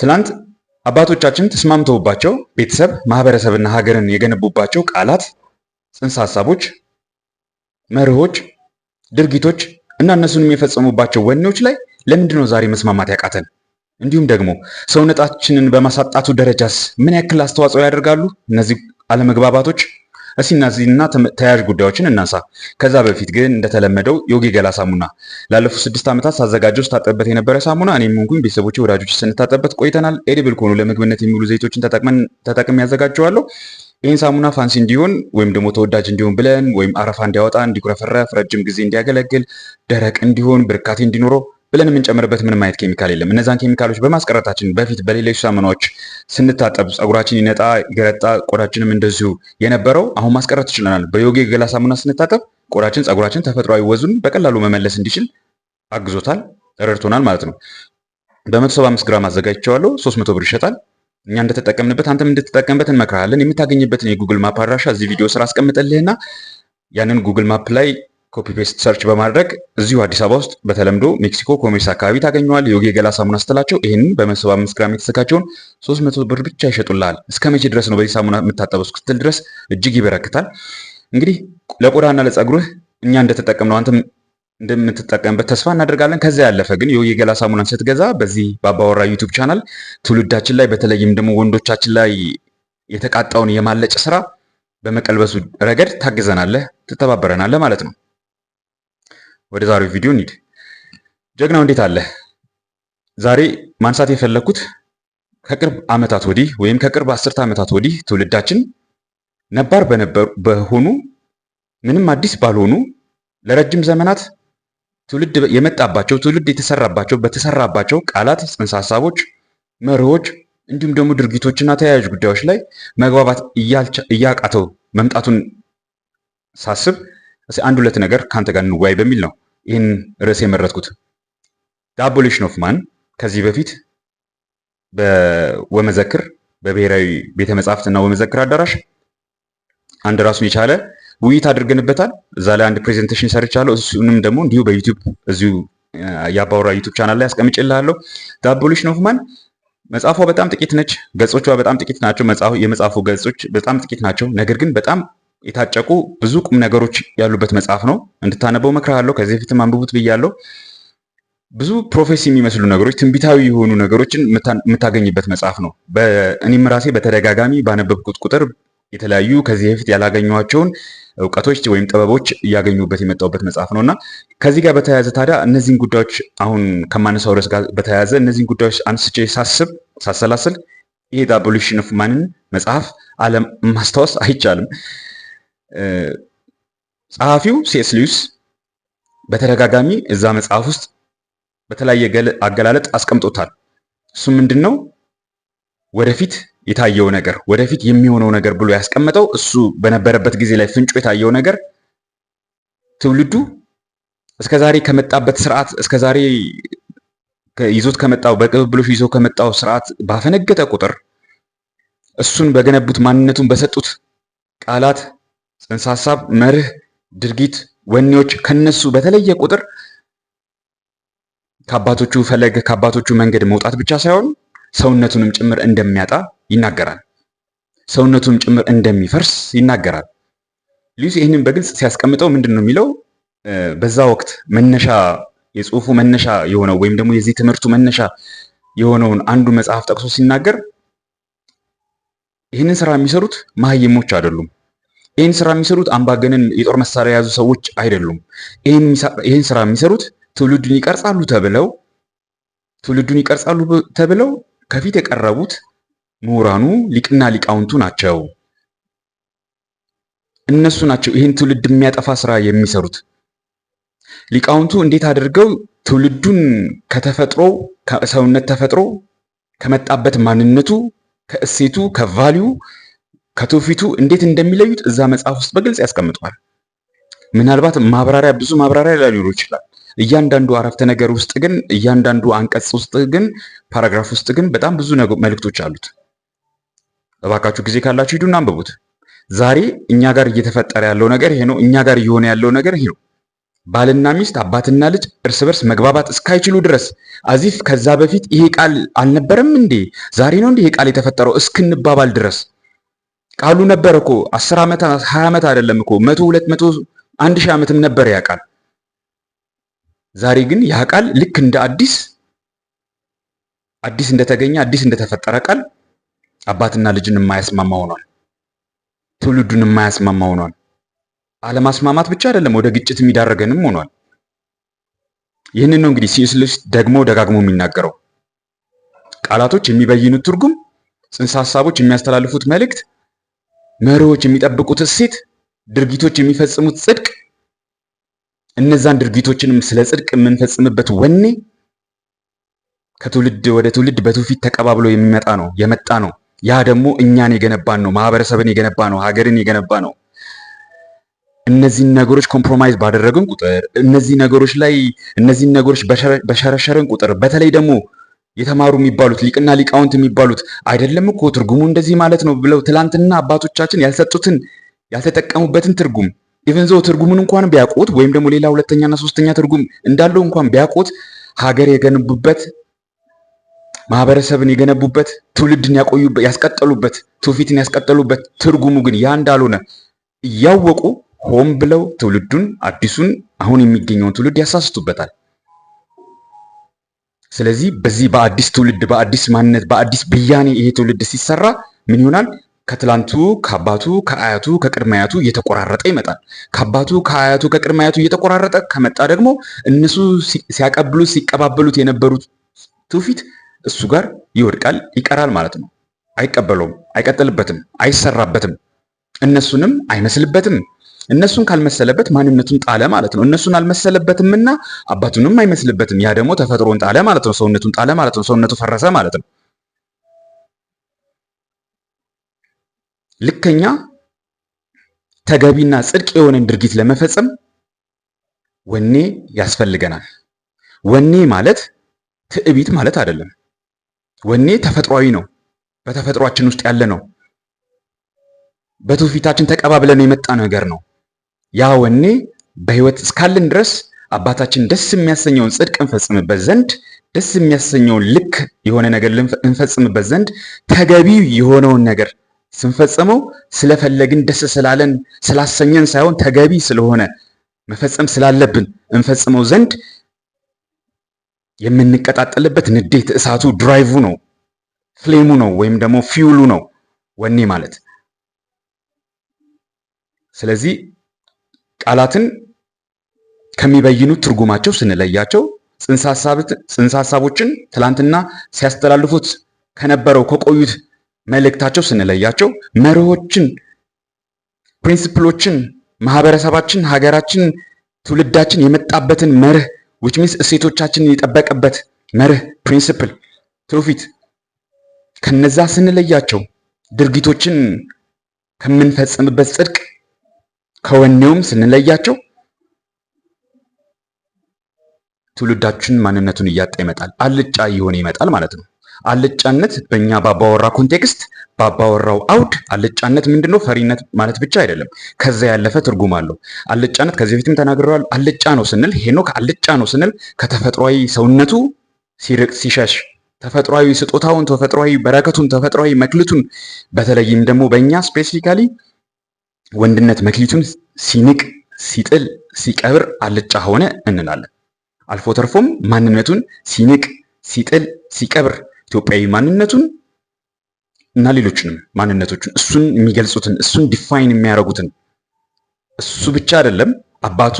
ትናንት አባቶቻችን ተስማምተውባቸው ቤተሰብ፣ ማህበረሰብና ሀገርን የገነቡባቸው ቃላት፣ ጽንሰ ሀሳቦች፣ መርሆች፣ ድርጊቶች እና እነሱንም የፈጸሙባቸው ወኔዎች ላይ ለምንድን ነው ዛሬ መስማማት ያቃተን? እንዲሁም ደግሞ ሰውነታችንን በማሳጣቱ ደረጃስ ምን ያክል አስተዋጽኦ ያደርጋሉ እነዚህ አለመግባባቶች? እስኪ እነዚህና ተያያዥ ጉዳዮችን እናንሳ። ከዛ በፊት ግን እንደተለመደው ዮጊ ገላ ሳሙና ላለፉት ስድስት ዓመታት ሳዘጋጀው ስታጠብበት የነበረ ሳሙና እኔም ሆንኩኝ ቤተሰቦቼ ወዳጆች ስንታጠበት ቆይተናል። ኤድብል ከሆኑ ለምግብነት የሚውሉ ዘይቶችን ተጠቅም ያዘጋጀዋለሁ። ይህን ሳሙና ፋንሲ እንዲሆን ወይም ደግሞ ተወዳጅ እንዲሆን ብለን ወይም አረፋ እንዲያወጣ፣ እንዲኩረፈረፍ፣ ረጅም ጊዜ እንዲያገለግል፣ ደረቅ እንዲሆን፣ ብርካቴ እንዲኖረው ብለን የምንጨምርበት ምንም አይነት ኬሚካል የለም። እነዛን ኬሚካሎች በማስቀረታችን በፊት በሌሎች ሳሙናዎች ስንታጠብ ጸጉራችን ይነጣ፣ ገረጣ፣ ቆዳችንም እንደዚሁ የነበረው አሁን ማስቀረት ይችለናል። በዮጊ ገላ ሳሙና ስንታጠብ ቆዳችን፣ ጸጉራችን ተፈጥሯዊ ወዙን በቀላሉ መመለስ እንዲችል አግዞታል፣ ረድቶናል ማለት ነው። በ175 ግራም አዘጋጅቸዋለሁ፣ 300 ብር ይሸጣል። እኛ እንደተጠቀምንበት አንተም እንድትጠቀምበት እንመክርሃለን። የምታገኝበትን የጉግል ማፕ አድራሻ እዚህ ቪዲዮ ስራ አስቀምጠልህና ያንን ጉግል ማፕ ላይ ኮፒ ፔስት ሰርች በማድረግ እዚሁ አዲስ አበባ ውስጥ በተለምዶ ሜክሲኮ ኮሜርስ አካባቢ ታገኘዋል። የዮጊ ገላ ሳሙና ስትላቸው ይህንን በ አምስት ግራም የተዘጋጀውን 300 ብር ብቻ ይሸጡልሃል። እስከ መቼ ድረስ ነው በዚህ ሳሙና የምታጠበው እስክትል ድረስ እጅግ ይበረክታል። እንግዲህ ለቆዳና ለጸጉርህ እኛ ነው አንተም እንደምትጠቀምበት ተስፋ እናደርጋለን። ከዚያ ያለፈ ግን የዮጊ ገላ ሳሙናን ስትገዛ በዚህ በአባወራ ዩቱብ ቻናል ትውልዳችን ላይ በተለይም ደግሞ ወንዶቻችን ላይ የተቃጣውን የማለጭ ስራ በመቀልበሱ ረገድ ታግዘናለህ፣ ትተባበረናለህ ማለት ነው። ወደ ዛሬው ቪዲዮ እንሂድ። ጀግናው እንዴት አለ? ዛሬ ማንሳት የፈለግኩት ከቅርብ ዓመታት ወዲህ ወይም ከቅርብ አስርተ ዓመታት ወዲህ ትውልዳችን ነባር በነበሩ በሆኑ ምንም አዲስ ባልሆኑ ለረጅም ዘመናት ትውልድ የመጣባቸው ትውልድ የተሰራባቸው በተሰራባቸው ቃላት፣ ጽንሰ ሀሳቦች፣ መርሆች እንዲሁም ደግሞ ድርጊቶችና ተያያዥ ጉዳዮች ላይ መግባባት እያቃተው መምጣቱን ሳስብ አንድ ሁለት ነገር ከአንተ ጋር እንወያይ በሚል ነው ይህን ርዕስ የመረጥኩት። ዘ አቦሊሽን ኦፍ ማን ከዚህ በፊት ወመዘክር በብሔራዊ ቤተ መጻሕፍት እና ወመዘክር አዳራሽ አንድ ራሱን የቻለ ውይይት አድርገንበታል። እዛ ላይ አንድ ፕሬዘንቴሽን ሰርቻለሁ። እሱንም ደግሞ እንዲሁ በዩቲዩብ እዚሁ የአባወራ ዩቱብ ቻናል ላይ አስቀምጬልሃለሁ። አቦሊሽን ኦፍ ማን መጽሐፏ በጣም ጥቂት ነች። ገጾቿ በጣም ጥቂት ናቸው። የመጽሐፉ ገጾች በጣም ጥቂት ናቸው። ነገር ግን በጣም የታጨቁ ብዙ ቁም ነገሮች ያሉበት መጽሐፍ ነው። እንድታነበው እመክርሃለሁ። ከዚህ በፊትም አንብቡት ብያለሁ። ብዙ ፕሮፌሲ የሚመስሉ ነገሮች፣ ትንቢታዊ የሆኑ ነገሮችን የምታገኝበት መጽሐፍ ነው። እኔም ራሴ በተደጋጋሚ ባነበብኩት ቁጥር የተለያዩ ከዚህ በፊት ያላገኟቸውን እውቀቶች ወይም ጥበቦች እያገኙበት የመጣውበት መጽሐፍ ነው እና ከዚህ ጋር በተያያዘ ታዲያ እነዚህን ጉዳዮች አሁን ከማነሳው ርዕስ ጋር በተያያዘ እነዚህን ጉዳዮች አንስቼ ሳስብ ሳሰላስል ይሄ ዳብሉሽን ኦፍ ማንን መጽሐፍ አለም ማስታወስ አይቻልም። ጸሐፊው ሴስ ሉዊስ በተደጋጋሚ እዛ መጽሐፍ ውስጥ በተለያየ አገላለጥ አስቀምጦታል። እሱ ምንድን ነው ወደፊት የታየው ነገር ወደፊት የሚሆነው ነገር ብሎ ያስቀመጠው እሱ በነበረበት ጊዜ ላይ ፍንጮ የታየው ነገር ትውልዱ እስከዛሬ ከመጣበት ስርዓት እስከዛሬ ይዞት ከመጣው በቅብብሎሽ ይዞ ከመጣው ስርዓት ባፈነገጠ ቁጥር እሱን በገነቡት ማንነቱን በሰጡት ቃላት ጽንሰ ሀሳብ፣ መርህ፣ ድርጊት ወኔዎች ከነሱ በተለየ ቁጥር ከአባቶቹ ፈለግ ከአባቶቹ መንገድ መውጣት ብቻ ሳይሆን ሰውነቱንም ጭምር እንደሚያጣ ይናገራል። ሰውነቱንም ጭምር እንደሚፈርስ ይናገራል። ሉዊስ ይህንን በግልጽ ሲያስቀምጠው ምንድን ነው የሚለው? በዛ ወቅት መነሻ የጽሁፉ መነሻ የሆነው ወይም ደግሞ የዚህ ትምህርቱ መነሻ የሆነውን አንዱ መጽሐፍ ጠቅሶ ሲናገር ይህንን ስራ የሚሰሩት መሀይሞች አይደሉም ይህን ስራ የሚሰሩት አምባገነን የጦር መሳሪያ የያዙ ሰዎች አይደሉም። ይህን ስራ የሚሰሩት ትውልዱን ይቀርጻሉ ተብለው ትውልዱን ይቀርጻሉ ተብለው ከፊት የቀረቡት ምሁራኑ ሊቅና ሊቃውንቱ ናቸው። እነሱ ናቸው ይህን ትውልድ የሚያጠፋ ስራ የሚሰሩት። ሊቃውንቱ እንዴት አድርገው ትውልዱን ከተፈጥሮ ሰውነት ተፈጥሮ ከመጣበት ማንነቱ ከእሴቱ ከቫሊዩ ከትውፊቱ እንዴት እንደሚለዩት እዛ መጽሐፍ ውስጥ በግልጽ ያስቀምጠዋል። ምናልባት ማብራሪያ ብዙ ማብራሪያ ላይኖረው ይችላል። እያንዳንዱ አረፍተ ነገር ውስጥ ግን እያንዳንዱ አንቀጽ ውስጥ ግን ፓራግራፍ ውስጥ ግን በጣም ብዙ መልእክቶች አሉት። እባካችሁ ጊዜ ካላችሁ ሂዱና አንብቡት። ዛሬ እኛ ጋር እየተፈጠረ ያለው ነገር ይሄ ነው። እኛ ጋር እየሆነ ያለው ነገር ይሄ ነው። ባልና ሚስት፣ አባትና ልጅ እርስ በርስ መግባባት እስካይችሉ ድረስ አዚፍ ከዛ በፊት ይሄ ቃል አልነበረም እንዴ ዛሬ ነው እንዴ ይሄ ቃል የተፈጠረው እስክንባባል ድረስ ቃሉ ነበር እኮ 10 ዓመት 20 ዓመት አይደለም እኮ 100 200 1000 ዓመትም ነበር ያቃል ዛሬ ግን ያ ቃል ልክ እንደ አዲስ አዲስ እንደተገኘ አዲስ እንደተፈጠረ ቃል አባትና ልጅን የማያስማማ ሆኗል። ትውልዱን የማያስማማ ሆኗል። አለማስማማት ብቻ አይደለም ወደ ግጭት የሚዳረገንም ሆኗል። ይህንን ነው እንግዲህ ሲኤስ ደግሞ ደጋግሞ የሚናገረው ቃላቶች የሚበይኑት ትርጉም፣ ጽንሰ ሀሳቦች የሚያስተላልፉት መልእክት መሪዎች የሚጠብቁት እሴት፣ ድርጊቶች የሚፈጽሙት ጽድቅ፣ እነዛን ድርጊቶችንም ስለ ጽድቅ የምንፈጽምበት ወኔ ከትውልድ ወደ ትውልድ በትውፊት ተቀባብሎ የሚመጣ ነው የመጣ ነው። ያ ደግሞ እኛን የገነባን ነው፣ ማህበረሰብን የገነባ ነው፣ ሀገርን የገነባ ነው። እነዚህን ነገሮች ኮምፕሮማይዝ ባደረግን ቁጥር እነዚህ ነገሮች ላይ እነዚህን ነገሮች በሸረሸርን ቁጥር በተለይ ደግሞ የተማሩ የሚባሉት ሊቅና ሊቃውንት የሚባሉት አይደለም እኮ ትርጉሙ እንደዚህ ማለት ነው ብለው ትላንትና አባቶቻችን ያልሰጡትን ያልተጠቀሙበትን ትርጉም ኢቨን ዘው ትርጉሙን እንኳን ቢያውቁት ወይም ደግሞ ሌላ ሁለተኛና ሶስተኛ ትርጉም እንዳለው እንኳን ቢያውቁት ሀገር የገነቡበት ማህበረሰብን የገነቡበት ትውልድን ያቆዩበት ያስቀጠሉበት ትውፊትን ያስቀጠሉበት ትርጉሙ ግን ያ እንዳልሆነ እያወቁ ሆን ብለው ትውልዱን አዲሱን አሁን የሚገኘውን ትውልድ ያሳስቱበታል። ስለዚህ በዚህ በአዲስ ትውልድ በአዲስ ማንነት በአዲስ ብያኔ ይሄ ትውልድ ሲሰራ ምን ይሆናል? ከትላንቱ ከአባቱ ከአያቱ ከቅድመ አያቱ እየተቆራረጠ ይመጣል። ከአባቱ ከአያቱ ከቅድመ አያቱ እየተቆራረጠ ከመጣ ደግሞ እነሱ ሲያቀብሉት ሲቀባበሉት የነበሩት ትውፊት እሱ ጋር ይወድቃል፣ ይቀራል ማለት ነው። አይቀበለውም፣ አይቀጥልበትም፣ አይሰራበትም፣ እነሱንም አይመስልበትም። እነሱን ካልመሰለበት ማንነቱን ጣለ ማለት ነው። እነሱን አልመሰለበትምና አባቱንም አይመስልበትም። ያ ደግሞ ተፈጥሮን ጣለ ማለት ነው። ሰውነቱን ጣለ ማለት ነው። ሰውነቱ ፈረሰ ማለት ነው። ልከኛ ተገቢና ጽድቅ የሆነን ድርጊት ለመፈጸም ወኔ ያስፈልገናል። ወኔ ማለት ትዕቢት ማለት አይደለም። ወኔ ተፈጥሯዊ ነው። በተፈጥሯችን ውስጥ ያለ ነው። በትውፊታችን ተቀባብለን የመጣ ነገር ነው። ያ ወኔ በህይወት እስካለን ድረስ አባታችን ደስ የሚያሰኘውን ጽድቅ እንፈጽምበት ዘንድ ደስ የሚያሰኘውን ልክ የሆነ ነገር እንፈጽምበት ዘንድ ተገቢ የሆነውን ነገር ስንፈጽመው ስለፈለግን ደስ ስላለን ስላሰኘን ሳይሆን ተገቢ ስለሆነ መፈጸም ስላለብን እንፈጽመው ዘንድ የምንቀጣጠልበት ንዴት እሳቱ ድራይቭ ነው፣ ፍሌሙ ነው፣ ወይም ደግሞ ፊውሉ ነው ወኔ ማለት። ስለዚህ ቃላትን ከሚበይኑት ትርጉማቸው ስንለያቸው ጽንሰ ሀሳቦችን ትላንትና ሲያስተላልፉት ከነበረው ከቆዩት መልእክታቸው ስንለያቸው መርሆችን፣ ፕሪንስፕሎችን ማህበረሰባችን፣ ሀገራችን፣ ትውልዳችን የመጣበትን መርህ ዊች ሚንስ እሴቶቻችንን የጠበቀበት መርህ ፕሪንስፕል ትውፊት ከነዛ ስንለያቸው ድርጊቶችን ከምንፈጽምበት ጽድቅ ከወኔውም ስንለያቸው ትውልዳችን ማንነቱን እያጣ ይመጣል። አልጫ እየሆነ ይመጣል ማለት ነው። አልጫነት በእኛ በአባወራ ኮንቴክስት በአባወራው አውድ አልጫነት ምንድነው? ፈሪነት ማለት ብቻ አይደለም፣ ከዛ ያለፈ ትርጉም አለው። አልጫነት ከዚህ በፊትም ተናግረዋል። አልጫ ነው ስንል ሄኖክ አልጫ ነው ስንል ከተፈጥሯዊ ሰውነቱ ሲርቅ ሲሸሽ ተፈጥሯዊ ስጦታውን ተፈጥሯዊ በረከቱን ተፈጥሯዊ መክልቱን በተለይም ደግሞ በእኛ ስፔሲፊካሊ ወንድነት መክሊቱን ሲንቅ ሲጥል ሲቀብር አልጫ ሆነ እንላለን። አልፎ ተርፎም ማንነቱን ሲንቅ ሲጥል ሲቀብር ኢትዮጵያዊ ማንነቱን እና ሌሎችንም ማንነቶቹን እሱን የሚገልጹትን እሱን ዲፋይን የሚያደርጉትን እሱ ብቻ አይደለም አባቱ፣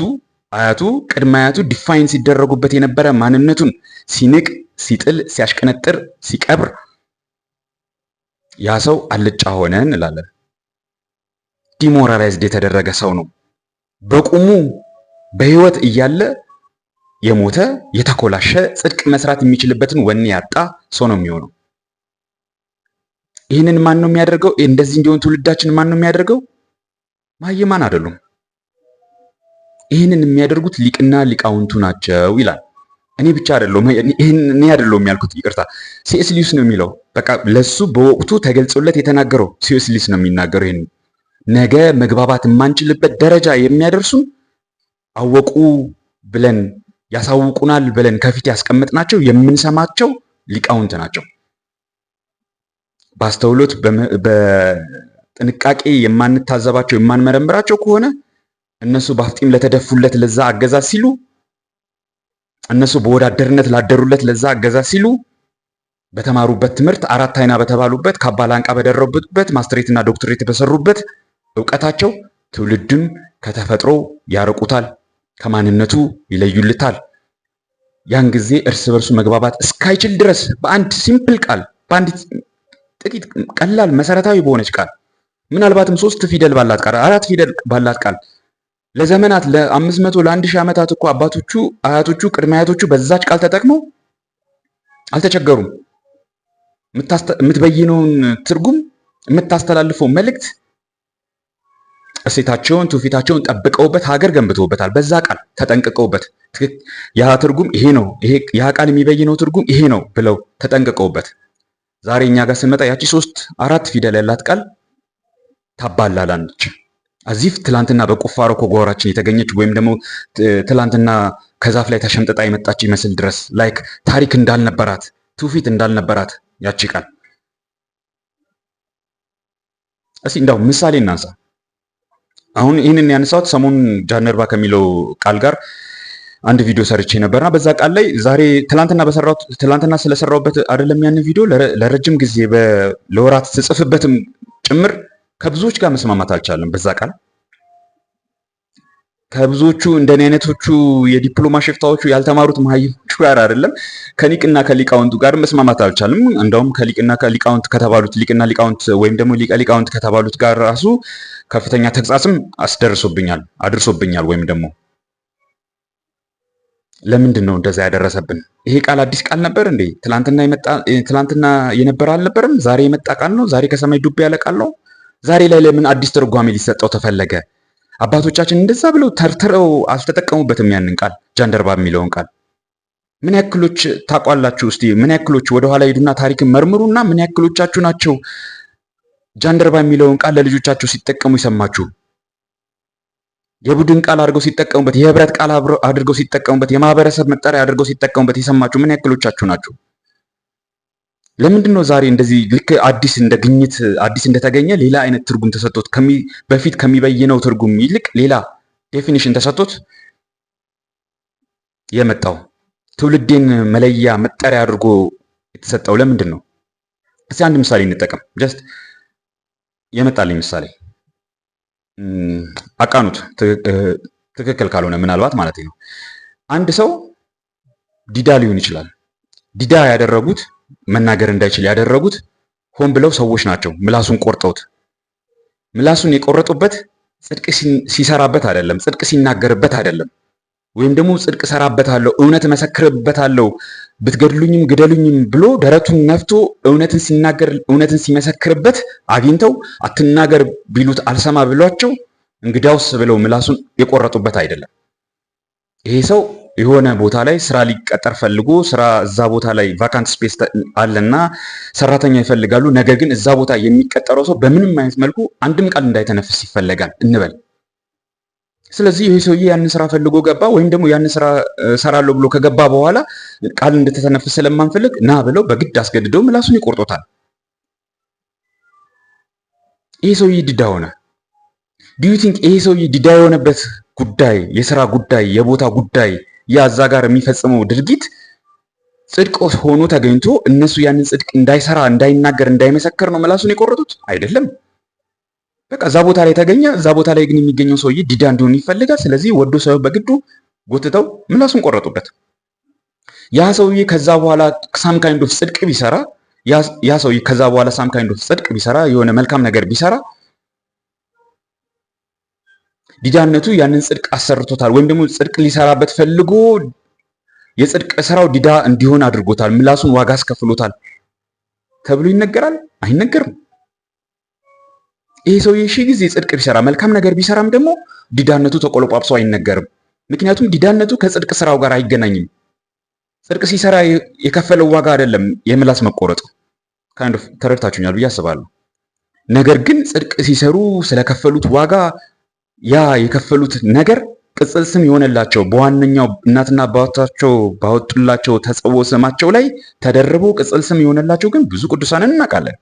አያቱ፣ ቅድመ አያቱ ዲፋይን ሲደረጉበት የነበረ ማንነቱን ሲንቅ ሲጥል ሲያሽቀነጥር ሲቀብር ያ ሰው አልጫ ሆነ እንላለን። ዲሞራላይዝድ የተደረገ ሰው ነው። በቁሙ በህይወት እያለ የሞተ የተኮላሸ ጽድቅ መስራት የሚችልበትን ወኔ ያጣ ሰው ነው የሚሆነው። ይህንን ማን ነው የሚያደርገው? እንደዚህ እንዲሆን ትውልዳችን ማን ነው የሚያደርገው? ማየማን አይደሉም። ይህንን የሚያደርጉት ሊቅና ሊቃውንቱ ናቸው ይላል። እኔ ብቻ አይደለሁም፣ እኔ አይደለሁም ያልኩት፣ ይቅርታ ሲኤስ ሊዩስ ነው የሚለው። በቃ ለሱ በወቅቱ ተገልጾለት የተናገረው ሲኤስ ሊዩስ ነው የሚናገረው ይህን ነገ መግባባት የማንችልበት ደረጃ የሚያደርሱን አወቁ ብለን ያሳውቁናል ብለን ከፊት ያስቀመጥናቸው የምንሰማቸው ሊቃውንት ናቸው። በአስተውሎት በጥንቃቄ የማንታዘባቸው የማንመረምራቸው ከሆነ እነሱ በአፍጢም ለተደፉለት ለዛ አገዛዝ ሲሉ እነሱ በወዳደርነት ላደሩለት ለዛ አገዛዝ ሲሉ በተማሩበት ትምህርት አራት አይና በተባሉበት ካባ ላንቃ በደረቡበት ማስትሬትና ዶክትሬት በሰሩበት እውቀታቸው ትውልድን ከተፈጥሮ ያርቁታል፣ ከማንነቱ ይለዩልታል። ያን ጊዜ እርስ በርሱ መግባባት እስካይችል ድረስ በአንድ ሲምፕል ቃል በአንድ ጥቂት ቀላል መሰረታዊ በሆነች ቃል ምናልባትም ሶስት ፊደል ባላት ቃል አራት ፊደል ባላት ቃል ለዘመናት ለአምስት መቶ ለአንድ ሺህ ዓመታት እኮ አባቶቹ አያቶቹ ቅድመ አያቶቹ በዛች ቃል ተጠቅመው አልተቸገሩም። የምትበይነውን ትርጉም የምታስተላልፈው መልእክት እሴታቸውን ትውፊታቸውን ጠብቀውበት ሀገር ገንብተውበታል። በዛ ቃል ተጠንቅቀውበት ያ ትርጉም ይሄ ነው፣ ያ ቃል የሚበይነው ትርጉም ይሄ ነው ብለው ተጠንቅቀውበት ዛሬ እኛ ጋር ስንመጣ ያቺ ሶስት አራት ፊደል ያላት ቃል ታባላላለች። አዚፍ ትላንትና በቁፋሮ ከጓራችን የተገኘች ወይም ደግሞ ትላንትና ከዛፍ ላይ ተሸምጥጣ የመጣች ይመስል ድረስ ላይክ ታሪክ እንዳልነበራት ትውፊት እንዳልነበራት ያቺ ቃል። እስኪ እንዳው ምሳሌ እናንሳ። አሁን ይህንን ያነሳሁት ሰሞኑን ጃነርባ ከሚለው ቃል ጋር አንድ ቪዲዮ ሰርቼ ነበርና በዛ ቃል ላይ ዛሬ ትላንትና በሰራሁት ትላንትና ስለሰራሁበት አይደለም ያንን ቪዲዮ ለረጅም ጊዜ ለወራት ስጽፍበትም ጭምር ከብዙዎች ጋር መስማማት አልቻለም። በዛ ቃል ከብዙዎቹ እንደኔ አይነቶቹ የዲፕሎማ ሽፍታዎቹ ያልተማሩት መሀይሞቹ ጋር አይደለም ከሊቅና ከሊቃውንቱ ጋር መስማማት አልቻልም። እንደውም ከሊቅና ከሊቃውንት ከተባሉት ሊቅና ሊቃውንት ወይም ደግሞ ሊቀ ሊቃውንት ከተባሉት ጋር ራሱ ከፍተኛ ተግሳጽም አስደርሶብኛል አድርሶብኛል ወይም ደግሞ ለምንድን ነው እንደዛ ያደረሰብን? ይሄ ቃል አዲስ ቃል ነበር እንዴ? ትላንትና ትላንትና የነበረ አልነበርም? ዛሬ የመጣ ቃል ነው? ዛሬ ከሰማይ ዱብ ያለ ቃል ነው? ዛሬ ላይ ለምን አዲስ ትርጓሜ ሊሰጠው ተፈለገ? አባቶቻችን እንደዛ ብለው ተርትረው አልተጠቀሙበትም ያንን ቃል ጃንደርባ የሚለውን ቃል። ምን ያክሎች ታውቋላችሁ? እስቲ ምን ያክሎች ወደኋላ ሄዱና ታሪክን መርምሩና ምን ያክሎቻችሁ ናቸው ጃንደረባ የሚለውን ቃል ለልጆቻቸው ሲጠቀሙ ይሰማችሁ። የቡድን ቃል አድርገው ሲጠቀሙበት፣ የህብረት ቃል አድርገው ሲጠቀሙበት፣ የማህበረሰብ መጠሪያ አድርገው ሲጠቀሙበት የሰማችሁ ምን ያክሎቻችሁ ናችሁ? ለምንድን ነው ዛሬ እንደዚህ ልክ አዲስ እንደ ግኝት አዲስ እንደተገኘ ሌላ አይነት ትርጉም ተሰጥቶት በፊት ከሚበይነው ትርጉም ይልቅ ሌላ ዴፊኒሽን ተሰጥቶት የመጣው ትውልዴን መለያ መጠሪያ አድርጎ የተሰጠው ለምንድን ነው? እስቲ አንድ ምሳሌ እንጠቀም ጀስት የመጣልኝ ምሳሌ አቃኑት፣ ትክክል ካልሆነ ምናልባት ማለት ነው። አንድ ሰው ዲዳ ሊሆን ይችላል። ዲዳ ያደረጉት መናገር እንዳይችል ያደረጉት ሆን ብለው ሰዎች ናቸው። ምላሱን ቆርጠውት ምላሱን የቆረጡበት ጽድቅ ሲሰራበት አይደለም፣ ጽድቅ ሲናገርበት አይደለም፣ ወይም ደግሞ ጽድቅ ሰራበታለሁ፣ እውነት መሰክርበታለሁ ብትገድሉኝም ግደሉኝም ብሎ ደረቱን ነፍቶ እውነትን ሲናገር እውነትን ሲመሰክርበት አግኝተው አትናገር ቢሉት አልሰማ ብሏቸው እንግዳውስ ብለው ምላሱን የቆረጡበት አይደለም። ይሄ ሰው የሆነ ቦታ ላይ ስራ ሊቀጠር ፈልጎ ስራ እዛ ቦታ ላይ ቫካንት ስፔስ አለና ሰራተኛ ይፈልጋሉ። ነገር ግን እዛ ቦታ የሚቀጠረው ሰው በምንም አይነት መልኩ አንድም ቃል እንዳይተነፍስ ይፈለጋል እንበል። ስለዚህ ይህ ሰውዬ ያንን ስራ ፈልጎ ገባ፣ ወይም ደግሞ ያንን ስራ ሰራለሁ ብሎ ከገባ በኋላ ቃል እንድትተነፍስ ስለማንፈልግ ና ብለው በግድ አስገድደው ምላሱን ይቆርጦታል። ይህ ሰውዬ ዲዳ ሆነ። ዲዩ ቲንክ ይሄ ሰውዬ ዲዳ የሆነበት ጉዳይ የስራ ጉዳይ፣ የቦታ ጉዳይ፣ ያዛ ጋር የሚፈጽመው ድርጊት ጽድቅ ሆኖ ተገኝቶ እነሱ ያንን ጽድቅ እንዳይሰራ፣ እንዳይናገር፣ እንዳይመሰክር ነው ምላሱን የቆረጡት አይደለም። በቃ እዛ ቦታ ላይ ተገኘ። እዛ ቦታ ላይ ግን የሚገኘው ሰውዬ ዲዳ እንዲሆን ይፈልጋል። ስለዚህ ወዶ ሰው በግዱ ጎትተው ምላሱን ቆረጡበት። ያ ሰውዬ ከዛ በኋላ ሳም ካይንድ ኦፍ ጽድቅ ቢሰራ ያ ሰውዬ ከዛ በኋላ ሳም ካይንድ ኦፍ ጽድቅ ቢሰራ የሆነ መልካም ነገር ቢሰራ ዲዳነቱ ያንን ጽድቅ አሰርቶታል፣ ወይም ደግሞ ጽድቅ ሊሰራበት ፈልጎ የጽድቅ ስራው ዲዳ እንዲሆን አድርጎታል፣ ምላሱን ዋጋ አስከፍሎታል ተብሎ ይነገራል? አይነገርም። ይሄ ሰውዬ ሺህ ጊዜ ጽድቅ ቢሰራ መልካም ነገር ቢሰራም ደግሞ ዲዳነቱ ተቆለጳጵሶ አይነገርም። ምክንያቱም ዲዳነቱ ከጽድቅ ስራው ጋር አይገናኝም። ጽድቅ ሲሰራ የከፈለው ዋጋ አይደለም የምላስ መቆረጥ ከአንድ ተረድታችሁኛል ብዬ አስባለሁ። ነገር ግን ጽድቅ ሲሰሩ ስለከፈሉት ዋጋ ያ የከፈሉት ነገር ቅጽል ስም የሆነላቸው በዋነኛው እናትና አባታቸው ባወጡላቸው ተጸውዖ ስማቸው ላይ ተደርቦ ቅጽል ስም የሆነላቸው ግን ብዙ ቅዱሳንን እናውቃለን።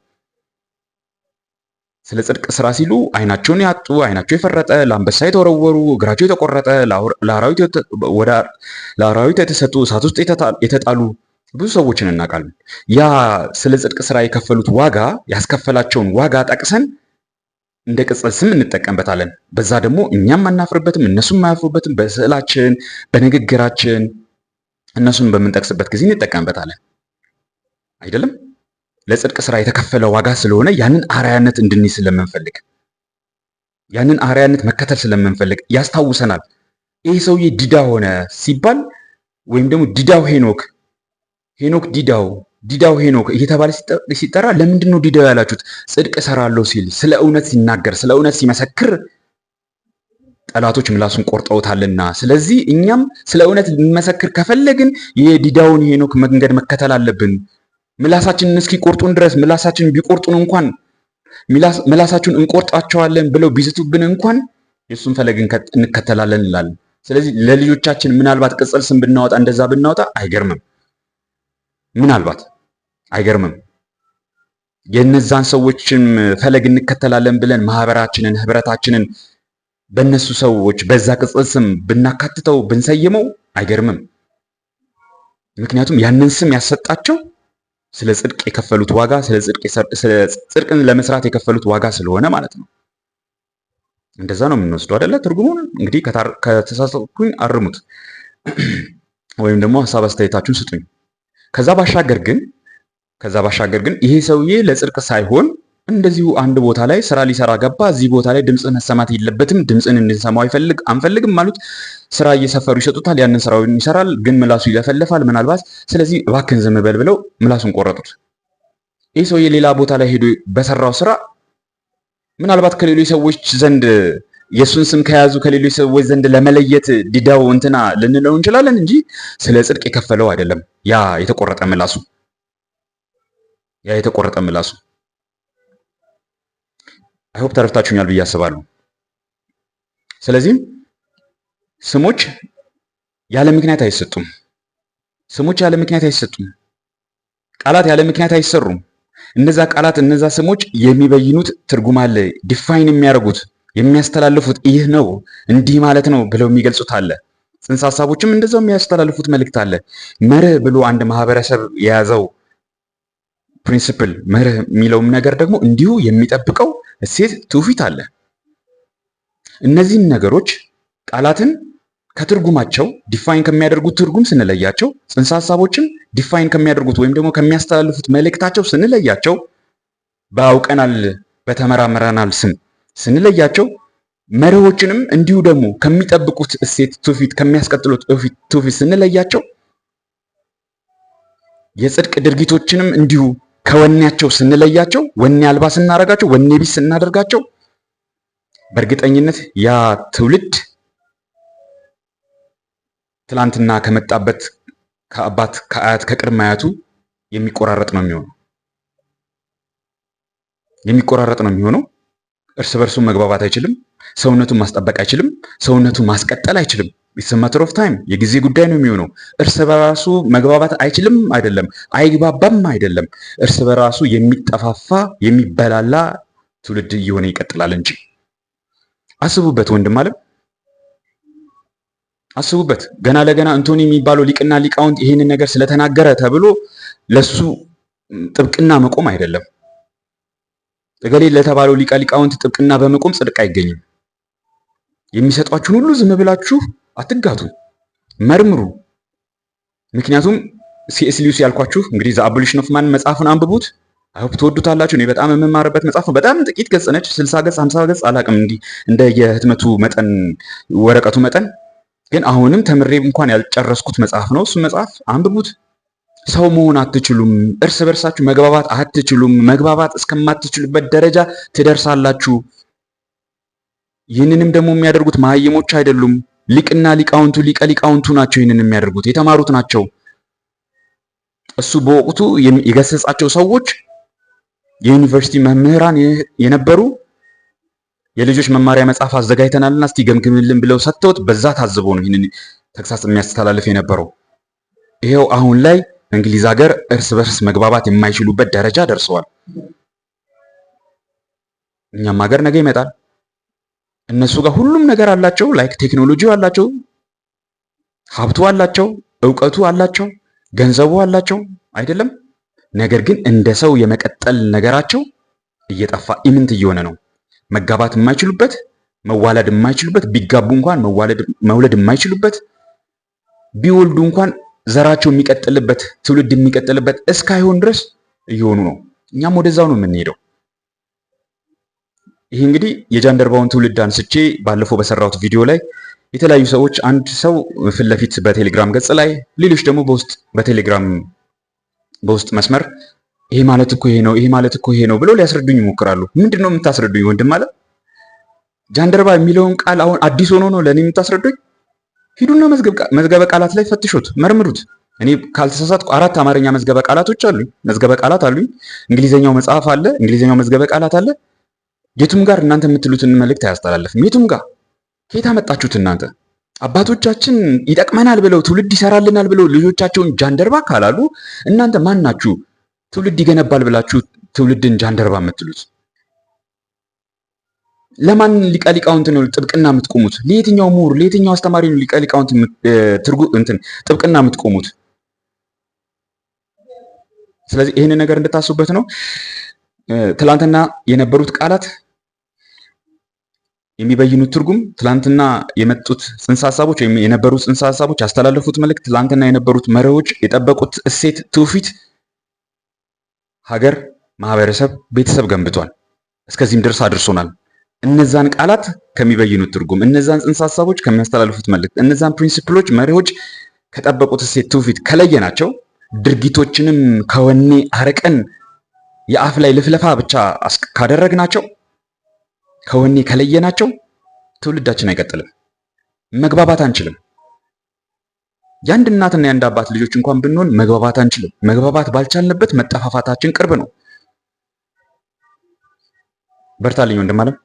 ስለ ጽድቅ ስራ ሲሉ አይናቸውን ያጡ፣ ፣አይናቸው የፈረጠ፣ ለአንበሳ የተወረወሩ፣ እግራቸው የተቆረጠ፣ ለአራዊት የተሰጡ፣ እሳት ውስጥ የተጣሉ ብዙ ሰዎችን እናውቃለን። ያ ስለ ጽድቅ ስራ የከፈሉት ዋጋ ያስከፈላቸውን ዋጋ ጠቅሰን እንደ ቅጽል ስም እንጠቀምበታለን። በዛ ደግሞ እኛም አናፍርበትም፣ እነሱም አያፍሩበትም። በስዕላችን፣ በንግግራችን እነሱን በምንጠቅስበት ጊዜ እንጠቀምበታለን። አይደለም? ለጽድቅ ስራ የተከፈለ ዋጋ ስለሆነ ያንን አርያነት እንድንይ ስለምንፈልግ ያንን አርያነት መከተል ስለምንፈልግ ያስታውሰናል። ይህ ሰውዬ ዲዳ ሆነ ሲባል ወይም ደግሞ ዲዳው ሄኖክ ሄኖክ ዲዳው ዲዳው ሄኖክ እየተባለ ሲጠራ ለምንድን ነው ዲዳው ያላችሁት? ጽድቅ እሰራለሁ ሲል ስለ እውነት ሲናገር ስለ እውነት ሲመሰክር ጠላቶች ምላሱን ቆርጠውታልና፣ ስለዚህ እኛም ስለ እውነት ልንመሰክር ከፈለግን የዲዳውን ሄኖክ መንገድ መከተል አለብን። ምላሳችንን እስኪቆርጡን ድረስ ምላሳችንን ቢቆርጡን እንኳን ምላሳችሁን እንቆርጣቸዋለን ብለው ቢዝቱብን እንኳን የእሱን ፈለግ እንከተላለን እንላለን። ስለዚህ ለልጆቻችን ምናልባት ቅጽል ስም ብናወጣ እንደዛ ብናወጣ አይገርምም፣ ምናልባት አይገርምም። የእነዛን ሰዎችም ፈለግ እንከተላለን ብለን ማህበራችንን፣ ህብረታችንን በእነሱ ሰዎች በዛ ቅጽል ስም ብናካትተው ብንሰይመው አይገርምም። ምክንያቱም ያንን ስም ያሰጣቸው ስለ ጽድቅ የከፈሉት ዋጋ ስለ ጽድቅን ለመስራት የከፈሉት ዋጋ ስለሆነ ማለት ነው። እንደዛ ነው የምንወስደው አይደለ? ትርጉሙን እንግዲህ ከተሳሳትኩኝ አርሙት ወይም ደግሞ ሀሳብ አስተያየታችሁን ስጡኝ። ከዛ ባሻገር ግን ከዛ ባሻገር ግን ይሄ ሰውዬ ለጽድቅ ሳይሆን እንደዚሁ አንድ ቦታ ላይ ስራ ሊሰራ ገባ። እዚህ ቦታ ላይ ድምፅ መሰማት የለበትም፣ ድምፅን እንድንሰማው አይፈልግ አንፈልግም አሉት። ስራ እየሰፈሩ ይሰጡታል። ያንን ስራውን ይሰራል፣ ግን ምላሱ ይለፈለፋል ምናልባት። ስለዚህ ባክን ዝም በል ብለው ምላሱን ቆረጡት። ይህ ሰው ሌላ ቦታ ላይ ሄዶ በሰራው ስራ ምናልባት ከሌሎች ሰዎች ዘንድ የእሱን ስም ከያዙ ከሌሎች ሰዎች ዘንድ ለመለየት ዲዳው እንትና ልንለው እንችላለን እንጂ ስለ ጽድቅ የከፈለው አይደለም። ያ የተቆረጠ ምላሱ ያ የተቆረጠ ምላሱ አይሆፕ ተረድታችሁኛል ብዬ አስባለሁ። ስለዚህም ስሞች ያለ ምክንያት አይሰጡም። ስሞች ያለ ምክንያት አይሰጡም። ቃላት ያለ ምክንያት አይሰሩም። እነዛ ቃላት እነዛ ስሞች የሚበይኑት ትርጉም አለ። ዲፋይን የሚያደርጉት የሚያስተላልፉት ይህ ነው እንዲህ ማለት ነው ብለው የሚገልጹት አለ። ጽንሰ ሀሳቦችም እንደዛው የሚያስተላልፉት መልእክት አለ። መርህ ብሎ አንድ ማህበረሰብ የያዘው ፕሪንሲፕል መርህ የሚለውም ነገር ደግሞ እንዲሁ የሚጠብቀው እሴት፣ ትውፊት አለ። እነዚህን ነገሮች ቃላትን ከትርጉማቸው ዲፋይን ከሚያደርጉት ትርጉም ስንለያቸው፣ ጽንሰ ሀሳቦችን ዲፋይን ከሚያደርጉት ወይም ደግሞ ከሚያስተላልፉት መልእክታቸው ስንለያቸው፣ በአውቀናል በተመራመረናል ስም ስንለያቸው፣ መሪዎችንም እንዲሁ ደግሞ ከሚጠብቁት እሴት ትውፊት ከሚያስቀጥሉት ትውፊት ስንለያቸው፣ የጽድቅ ድርጊቶችንም እንዲሁ ከወኔያቸው ስንለያቸው ወኔ አልባ ስናደርጋቸው ወኔ ቢስ ስናደርጋቸው በእርግጠኝነት ያ ትውልድ ትላንትና ከመጣበት ከአባት ከአያት ከቅድመ አያቱ የሚቆራረጥ ነው የሚሆነው የሚቆራረጥ ነው የሚሆነው። እርስ በርሱ መግባባት አይችልም። ሰውነቱን ማስጠበቅ አይችልም። ሰውነቱን ማስቀጠል አይችልም። ማተር ኦፍ ታይም የጊዜ ጉዳይ ነው የሚሆነው። እርስ በራሱ መግባባት አይችልም አይደለም፣ አይግባባም አይደለም። እርስ በራሱ የሚጠፋፋ የሚበላላ ትውልድ እየሆነ ይቀጥላል እንጂ አስቡበት ወንድም አለም አስቡበት። ገና ለገና እንቶኒ የሚባለው ሊቅና ሊቃውንት ይሄንን ነገር ስለተናገረ ተብሎ ለሱ ጥብቅና መቆም አይደለም። እገሌ ለተባለው ሊቃ ሊቃውንት ጥብቅና በመቆም ጽድቅ አይገኝም። የሚሰጧችሁን ሁሉ ዝም ብላችሁ አትጋቱ፣ መርምሩ። ምክንያቱም ሲኤስ ሊዩስ ያልኳችሁ እንግዲህ ዘ አቦሊሽን ኦፍ ማን መጽሐፉን አንብቡት። አይሆፕ ትወዱታላችሁ። እኔ በጣም የምማርበት መጽሐፍ ነው። በጣም ጥቂት ገጽ ነች፣ 60 ገጽ 50 ገጽ አላቅም፣ እንዲህ እንደ የህትመቱ መጠን ወረቀቱ መጠን ግን አሁንም ተምሬ እንኳን ያልጨረስኩት መጽሐፍ ነው። እሱ መጽሐፍ አንብቡት። ሰው መሆን አትችሉም፣ እርስ በርሳችሁ መግባባት አትችሉም፣ መግባባት እስከማትችሉበት ደረጃ ትደርሳላችሁ ይህንንም ደግሞ የሚያደርጉት መሀይሞች አይደሉም። ሊቅና ሊቃውንቱ ሊቀ ሊቃውንቱ ናቸው። ይህንን የሚያደርጉት የተማሩት ናቸው። እሱ በወቅቱ የገሰጻቸው ሰዎች የዩኒቨርሲቲ መምህራን የነበሩ የልጆች መማሪያ መጽሐፍ አዘጋጅተናልና እስቲ ገምግምልን ብለው ሰጥተውት በዛ ታዝቦ ነው ይህንን ተግሳጽ የሚያስተላልፍ የነበረው። ይኸው አሁን ላይ እንግሊዝ ሀገር እርስ በርስ መግባባት የማይችሉበት ደረጃ ደርሰዋል። እኛም ሀገር ነገ ይመጣል። እነሱ ጋር ሁሉም ነገር አላቸው። ላይክ ቴክኖሎጂው አላቸው፣ ሀብቱ አላቸው፣ እውቀቱ አላቸው፣ ገንዘቡ አላቸው አይደለም። ነገር ግን እንደ ሰው የመቀጠል ነገራቸው እየጠፋ ኢምንት እየሆነ ነው። መጋባት የማይችሉበት መዋለድ የማይችሉበት ቢጋቡ እንኳን መውለድ የማይችሉበት ቢወልዱ እንኳን ዘራቸው የሚቀጥልበት ትውልድ የሚቀጥልበት እስካይሆን ድረስ እየሆኑ ነው። እኛም ወደዛው ነው የምንሄደው። ይህ እንግዲህ የጃንደርባውን ትውልድ አንስቼ ባለፈው በሰራሁት ቪዲዮ ላይ የተለያዩ ሰዎች አንድ ሰው ፊት ለፊት በቴሌግራም ገጽ ላይ ሌሎች ደግሞ በውስጥ በቴሌግራም በውስጥ መስመር ይሄ ማለት እኮ ይሄ ነው፣ ይሄ ማለት እኮ ይሄ ነው ብለው ሊያስረዱኝ ይሞክራሉ። ምንድን ነው የምታስረዱኝ ወንድም አለ ጃንደርባ የሚለውን ቃል አሁን አዲስ ሆኖ ነው ለእኔ የምታስረዱኝ? ሂዱና መዝገበ ቃላት ላይ ፈትሹት፣ መርምሩት። እኔ ካልተሳሳትኩ አራት አማርኛ መዝገበ ቃላቶች አሉኝ፣ መዝገበ ቃላት አሉኝ። እንግሊዘኛው መጽሐፍ አለ፣ እንግሊዘኛው መዝገበ ቃላት አለ፣ የቱም ጋር እናንተ የምትሉትን መልእክት አያስተላልፍም። የቱም ጋር ከየት አመጣችሁት እናንተ? አባቶቻችን ይጠቅመናል ብለው ትውልድ ይሰራልናል ብለው ልጆቻቸውን ጃንደርባ ካላሉ እናንተ ማን ናችሁ? ትውልድ ይገነባል ብላችሁ ትውልድን ጃንደርባ የምትሉት ለማን ሊቀ ሊቃውንት ነው ጥብቅና የምትቆሙት? ለየትኛው ምሁር ለየትኛው አስተማሪ ነው ሊቀ ሊቃውንት ትርጉ እንትን ጥብቅና የምትቆሙት? ስለዚህ ይህንን ነገር እንድታስቡበት ነው። ትላንትና የነበሩት ቃላት የሚበይኑት ትርጉም ትላንትና የመጡት ጽንሰ ሀሳቦች ወይም የነበሩት ጽንሰ ሀሳቦች ያስተላለፉት መልእክት፣ ትላንትና የነበሩት መሪዎች የጠበቁት እሴት፣ ትውፊት ሀገር፣ ማህበረሰብ፣ ቤተሰብ ገንብቷል። እስከዚህም ድረስ አድርሶናል። እነዛን ቃላት ከሚበይኑት ትርጉም፣ እነዛን ጽንሰ ሀሳቦች ከሚያስተላልፉት መልእክት፣ እነዛን ፕሪንሲፕሎች መሪዎች ከጠበቁት እሴት፣ ትውፊት ከለየ ናቸው። ድርጊቶችንም ከወኔ አርቀን የአፍ ላይ ልፍለፋ ብቻ ካደረግ ናቸው ከወኔ ከለየናቸው ትውልዳችን አይቀጥልም። መግባባት አንችልም። የአንድ እናትና የአንድ አባት ልጆች እንኳን ብንሆን መግባባት አንችልም። መግባባት ባልቻልንበት መጠፋፋታችን ቅርብ ነው። በርታልኝ ወንድም አለም።